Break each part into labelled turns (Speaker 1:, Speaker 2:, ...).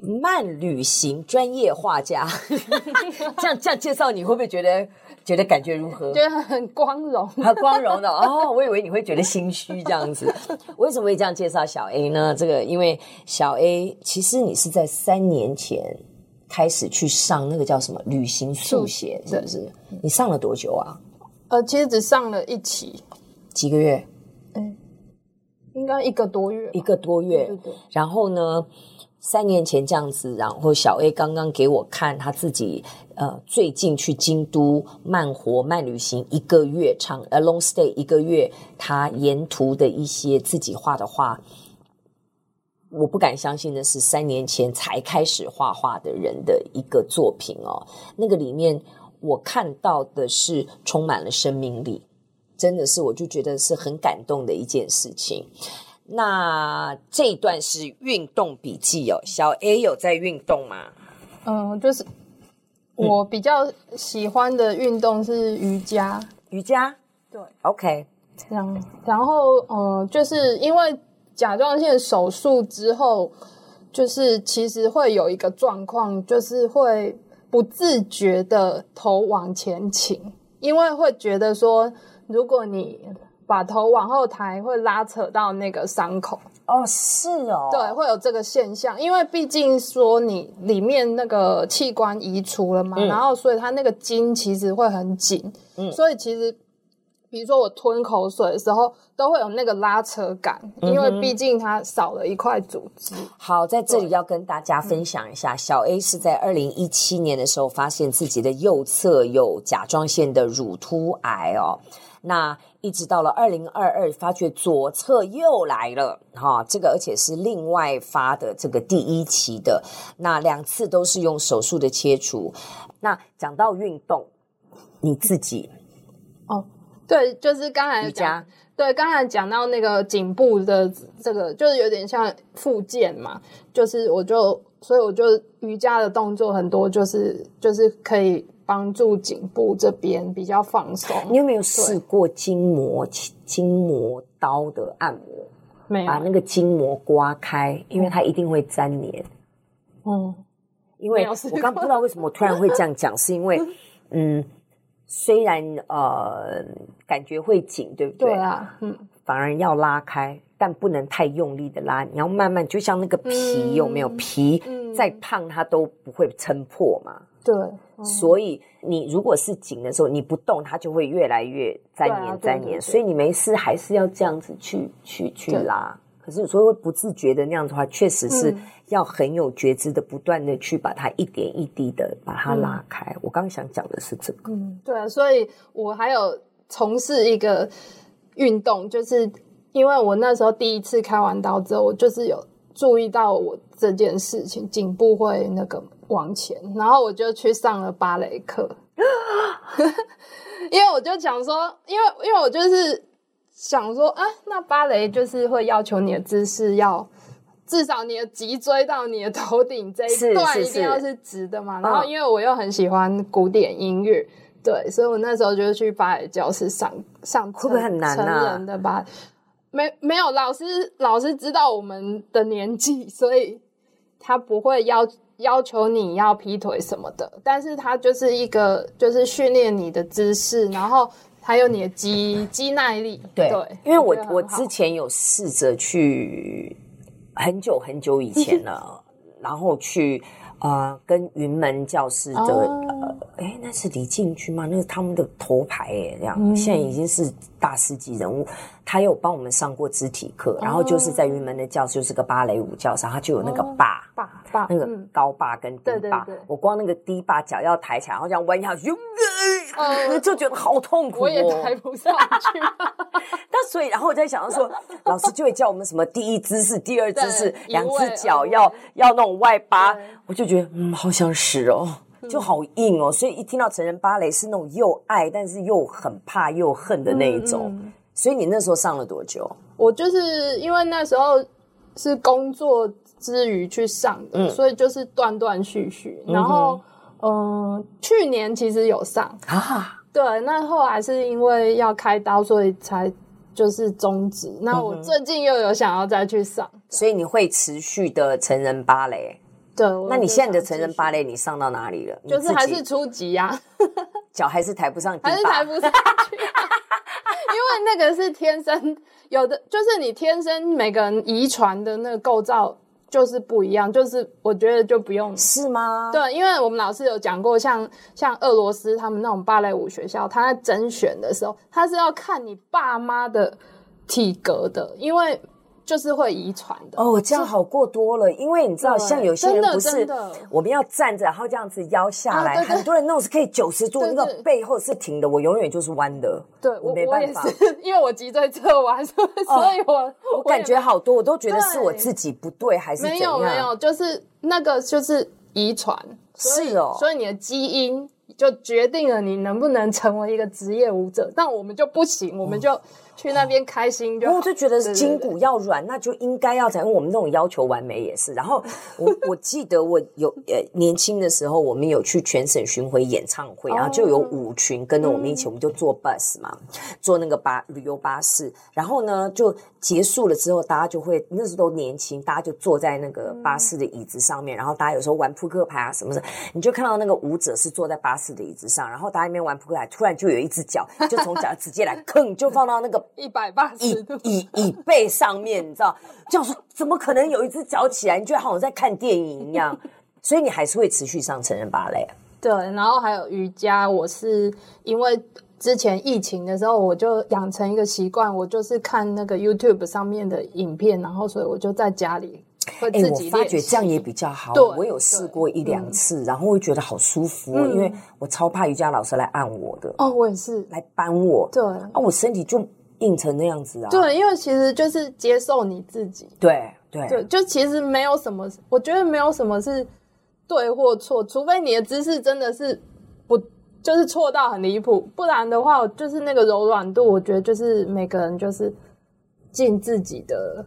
Speaker 1: 慢旅行專業畫家 這，這樣這樣介紹你會不會覺得覺得感覺如何？覺
Speaker 2: 得很光榮。很、啊、光榮的
Speaker 1: 哦！我以為你會覺得心虛這樣子。 為什麼會這樣介紹小 A 呢？這個因為小 A 其實你是在三年前開始去上那個叫什麼旅行速寫，是不是？是你上了多久啊？
Speaker 2: 呃，其實只上了一期，
Speaker 1: 幾個月？嗯、欸，
Speaker 2: 應該一,一個多月，一個多月。對，
Speaker 1: 然後呢？三年前這樣子，然後小 A 剛剛給我看他自己，呃，最近去京都慢活慢旅行一個月，唱 a long stay，一個月，他沿途的一些自己畫的畫。我不敢相信的是三年前才開始畫畫的人的一個作品哦。那個裡面我看到的是充滿了生命力，真的是我就覺得是很感動的一件事情。那這一段是運動筆記哦，小 A 有在運動嗎？嗯，
Speaker 2: 就是我比較喜歡的運動是瑜伽。瑜伽？
Speaker 1: 對，OK。
Speaker 2: 這樣，然後嗯，就是因為甲狀腺手術之後，就是其實會有一個狀況，就是會不自覺的頭往前傾，因為會覺得說，如果你。把頭往後抬，會拉扯到那個傷口哦，是哦，對，會有這個現象，因為畢竟說你裡面那個器官移除了嘛，嗯、然後所以它那個筋其實會很緊，嗯，所以其實比如說我吞口水的時候都會有那個拉扯感，嗯、哼因為畢竟它少了一塊組織。好，在這裡要
Speaker 1: 跟大家分享一下，嗯、小 A 是在二零一七年的時候發現自己的右側有甲狀腺的乳突癌哦，那。一直到了二零二二，發覺左側又來了哈，這個而且是另外發的這個第一期的，那兩次都是用手術的切除。那講到運動，你自己
Speaker 2: 哦，對，就是剛才講，瑜伽。對，剛才講到那個頸部的這個，就是有點像復健嘛，就是我就所以我就瑜伽的動作很多，就是就是可以。幫助
Speaker 1: 頸部這邊比較放鬆。你有沒有試過筋膜、筋膜刀的按摩？沒有。把那個筋膜刮開，因為它一定會粘連。嗯，因為我剛不知道為什麼我突然會這樣講，是因為嗯，雖然呃感覺會緊，對不對？對啊，嗯，反而要拉開，但不能太用力的拉，你要慢慢，就像那個皮有沒有皮？再胖它都不會撐破嘛。
Speaker 2: 對。所
Speaker 1: 以你如果是緊的時候，你不動，它就會越來越沾黏沾、啊、黏。所以你沒事還是要這樣子去去去拉。對 可是有時候會不自覺的那樣的話，確實是要很有覺知的，嗯、不斷的去把它一點一滴的把它拉開。嗯、我剛想講的是這個。
Speaker 2: 嗯，對啊，所以我還有從事一個運動，就是因為我那時候第一次開完刀之後，我就是有注意到我這件事情，頸部會那個。往前，然後我就去上了芭蕾課， 因為我就想說，因為因為我就是想說啊，那芭蕾就是會要求你的姿勢要至少你的脊椎，到你的頭頂這一段一定要是直的嘛。然後因為我又很喜歡古典音樂，哦、對，所以我那時候就去芭蕾教室上上課。會不會很難、啊、成人的芭沒沒有老師，老師知道我們的年紀，所以。他不會要要求你要劈腿什麼的，但是他就是一個就是訓練你的姿勢，然後還有你的肌肌耐力。對，對因為我我，我之
Speaker 1: 前有試着去，很久很久以前了， 然後去。啊、呃，跟雲門教室的，哦，呃，哎，那是李進去嗎？那是他們的頭牌哎，這樣，嗯，現在已經是大師級人物。他有幫我們上過肢體課，哦，然後就是在雲門的教室就是個芭蕾舞教室，他就有那個把，把，把那個高把跟低把，嗯，對對對，我光那個低把，腳要抬起來，然後這樣彎下去。呃 就覺得好痛苦，喔，我也抬不上去。那所以，然後我在想到說，老師就會叫我們什麼第一姿勢、第二姿勢，對兩隻腳要對要那種外八。對我就覺得，嗯，好想死哦，就好硬哦。所以一聽到成人芭蕾是那種又愛，但是又很怕又恨的那一種。嗯嗯、所以你那時候上了多久？
Speaker 2: 我就是因為那時候是工作之餘去上的，嗯、所以就是斷斷續續，然後、嗯。嗯，去年其實有上啊，對，那後來是因為要開刀，所以才就是終
Speaker 1: 止。嗯、哼那我最近
Speaker 2: 又有想要再去上，
Speaker 1: 所以你會持續的成人芭蕾？對，那你現在的成人芭蕾你上到哪裡了？就是還是初級呀，腳還是抬不上去。還是抬
Speaker 2: 不上去啊， 因為那個是天生，有的就是你天生每個人遺傳的那個構造。就是不一樣，就是我覺得就不用。是嗎？對，因為我們老師有講過，像像俄羅斯他們那種芭蕾舞學校，他在甄選的時候，他是要看你爸媽的體
Speaker 1: 格的，因為。就是會遺傳的哦，這樣好過多了。因為你知道，像有些人不是，我們要站着，然後這樣子腰下來，很多人那種是可以九十度，那個背後是挺的，我永遠就是彎的。
Speaker 2: 對，我沒辦法，因為我脊椎側彎。所
Speaker 1: 以我我感覺好多，我都覺得是我自己不對還是怎樣？沒有沒有，
Speaker 2: 就是那個就是遺傳。
Speaker 1: 是哦，所
Speaker 2: 以你的基因就決定了你
Speaker 1: 能不能成為一個職業舞者，但我們就不行，我們就。去那邊開心就、哦，我就覺得筋骨要軟，對對對，那就應該要，因為我們那種要求完美也是。然後我我記得我有呃年輕的時候，我們有去全省巡迴演唱會，然後就有舞群跟着我們一起，嗯、我們就坐 bus 嘛，坐那個巴旅遊巴士。然後呢，就結束了之後，大家就會那時候都年輕，大家就坐在那個巴士的椅子上面，嗯、然後大家有時候玩撲克牌啊什麼的，你就看到那個舞者是坐在巴士的椅子上，然後大家一邊玩撲克牌，突然就有一隻腳就從腳直接來，吭就放到那個。一百八十度椅椅背上面， 你知道？這樣說怎麼可能有一隻腳起來？你就好像在看電影一樣，所以你還是會持續上成人芭蕾。
Speaker 2: 對，然後還有瑜伽，我是因為之前疫情的時候，我就養成一個習慣，我就是看那個 YouTube 上面的影片，然後所以我就在家裡會自己練習，欸、我發覺
Speaker 1: 這樣也比較好。對，我有試過一兩次，對然後我覺得好舒服，嗯、因為我超怕瑜伽老師來按我的。哦、嗯，我也是來幫我。對那，啊、我身體就。硬成那樣子啊？對，因
Speaker 2: 為其實就是接受你自己。
Speaker 1: 對對
Speaker 2: 就就其實沒有什麼，我覺得沒有什麼是對或錯，除非你的姿勢真的是不就是錯到很離譜，不然的話，就是那個柔軟度，我覺得就是每個人就是
Speaker 1: 盡自己的。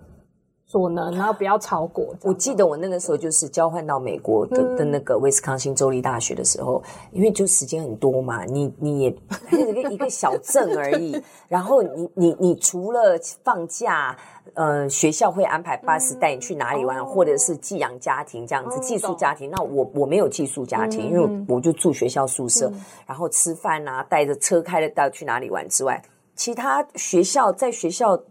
Speaker 1: 所能，然後不要超過。我記得我那個時候就是交換到美國的的那個威斯康星州立大學的時候，因為就時間很多嘛，你你也一個一個小鎮而已。然後你你你除了放假，呃，學校會安排巴士帶你去哪裡玩，或者是寄養家庭這樣子寄宿家庭。那我我沒有寄宿家庭，因為我就住學校宿舍，然後吃飯啊，帶着車開得到去哪裡玩之外，其他學校在學校。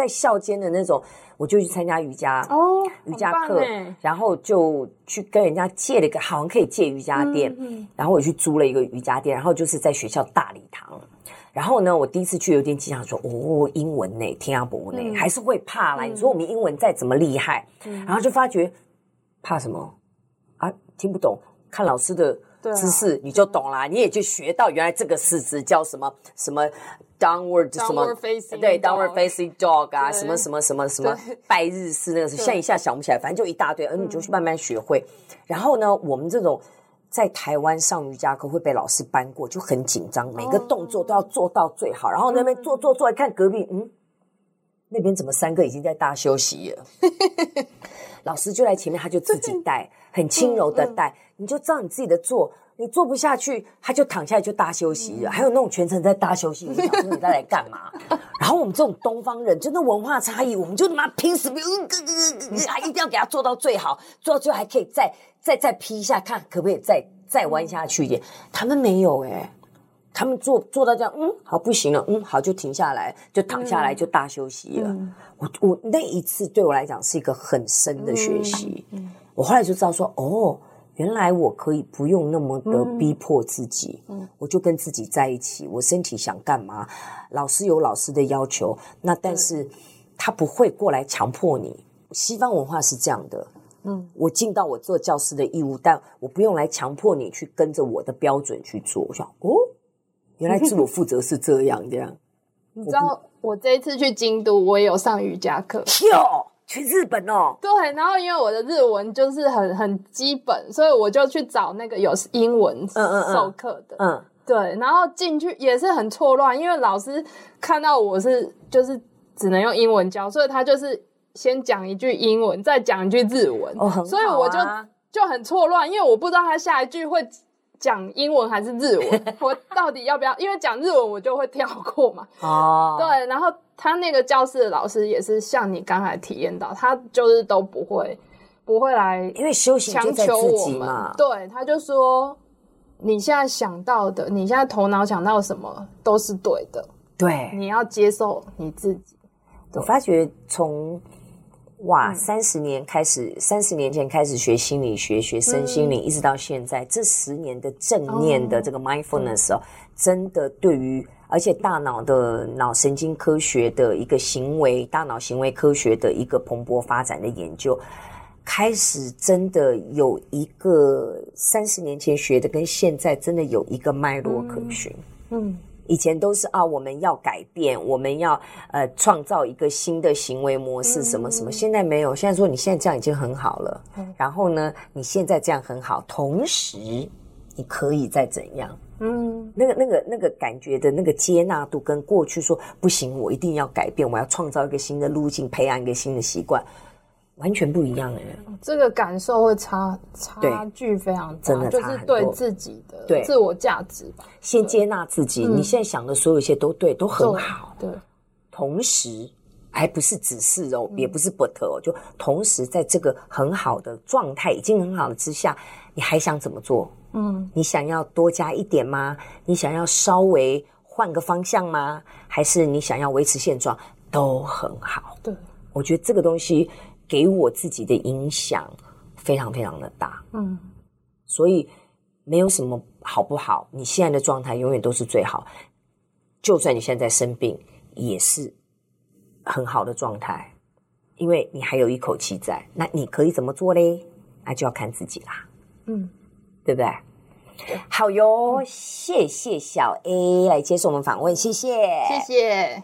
Speaker 1: 在校間的那種，我就去參加瑜伽哦，瑜伽課，然後就去跟人家借了一個，好像可以借瑜伽墊，嗯、然後我去租了一個瑜伽墊，然後就是在學校大禮堂。嗯、然後呢，我第一次去有點緊張，說哦，英文呢，聽阿伯呢，還是會怕啦。嗯、你說我們英文再怎麼厲害，嗯、然後就發覺怕什麼啊？聽不懂，看老師的。對啊、姿勢你就懂啦，對你也就學到原來這個四姿勢叫什麼什麼 downward down ward 什麼對 downward facing dog 啊對對什麼什麼什麼什麼拜對日式那個是，現在對一下想不起來，反正就一大堆，而、嗯、你就去慢慢學會。然後呢，我們這種在台灣上瑜伽課會被老師搬過，就很緊張，每個動作都要做到最好。然後那邊坐坐坐，看隔壁，嗯，那邊怎麼三個已經在大休息？了。 老師就在前面，他就自己帶，對很輕柔的帶，嗯嗯、你就照你自己的做。你做不下去，他就躺下來就大休息。嗯、還有那種全程在大休息，嗯、小你到底在來幹嘛？ 然後我們這種東方人，就那文化差異，我們就拿他媽拼死拼、嗯嗯嗯嗯啊，一定要給他做到最好，做到最後還可以再再再劈一下，看可不可以再再彎下去一點。他們沒有誒、欸他們做做到這樣，嗯，好，不行了，嗯，好，就停下來，就躺下來，嗯、就大休息了。嗯、我我那一次對我來講是一個很深的學習。嗯嗯、我後來就知道說，哦，原來我可以不用那麼的逼迫自己，嗯嗯、我就跟自己在一起。我身體想幹嘛，老師有老師的要求，那但是他不會過來強迫你。西方文化是這樣的，嗯，我盡到我做教師的義務，但我不用來強迫你去跟着我的標準去做。我想，哦。原來自我負責是這樣，這樣。
Speaker 2: 你知道，我，不我這一次去京都，我也有上瑜伽課。喲，
Speaker 1: 去日本哦。
Speaker 2: 對，然後因為我的日文就是很很基本，所以我就去找那個有英文授課的。嗯，嗯，嗯，嗯。對，然後進去也是很錯亂，因為老師看到我是就是只能用英文教，所以他就是先講一句英文，再講一句日文。哦，很好啊。所以我就就很錯亂，因為我不知道他下一句會。講英文還是日文？我到底要不要？因為講日文，我就會跳過嘛。
Speaker 1: 哦， 對。
Speaker 2: 然後他那個教室的老師也是像你剛才體驗到，他就是都不會，不會來。因為修行強求我嘛。對，他就說：“你現在想到的，你現在頭腦想到什麼都是對的。對，
Speaker 1: 你要接受你自己。”我發覺從。哇，三十、嗯、年開始，三十年前開始學心理學、學生心理，嗯、一直到現在，這十年的正念的這個 mindfulness 哦，哦嗯、真的對於，而且大腦的腦神經科學的一個行為，大腦行為科學的一個蓬勃發展的研究，開始真的有一個三十年前學的跟現在真的有一個脈絡可循、嗯，嗯。以前都是啊，我們要改變，我們要呃創造一個新的行為模式，什麼什麼。現在沒有，現在說你現在這樣已經很好了。然後呢，你現在這樣很好，同時你可以再怎樣？嗯，那個，那個那個那個感覺的那個接納度，跟過去說不行，我一定要改變，我要創造一個新的路徑，培養一個新的習慣。完全不一樣的人，
Speaker 2: 這個感受會差差距非常大，真的就是對自己的自我價值，
Speaker 1: 對先接納自己，對你現在想的所有一些都對，都很好。對，對同時還不是只是哦，嗯、也不是 but 哦，就同時在這個很好的狀態已經很好的之下，嗯、你還想怎麼做？嗯，你想要多加一點嗎？你想要稍微換個方向嗎？還是你想要維持現狀？都很好。對，我覺得這個東西。給我自己的影響非常非常的大，嗯，所以沒有什麼好不好，你現在的狀態永遠都是最好，就算你現在生病也是很好的狀態，因為你還有一口氣在，那你可以怎麼做嘞？那就要看自己啦，嗯，對不對？好喲，嗯，謝謝小 A 來接受我們訪問，謝謝，謝
Speaker 2: 謝。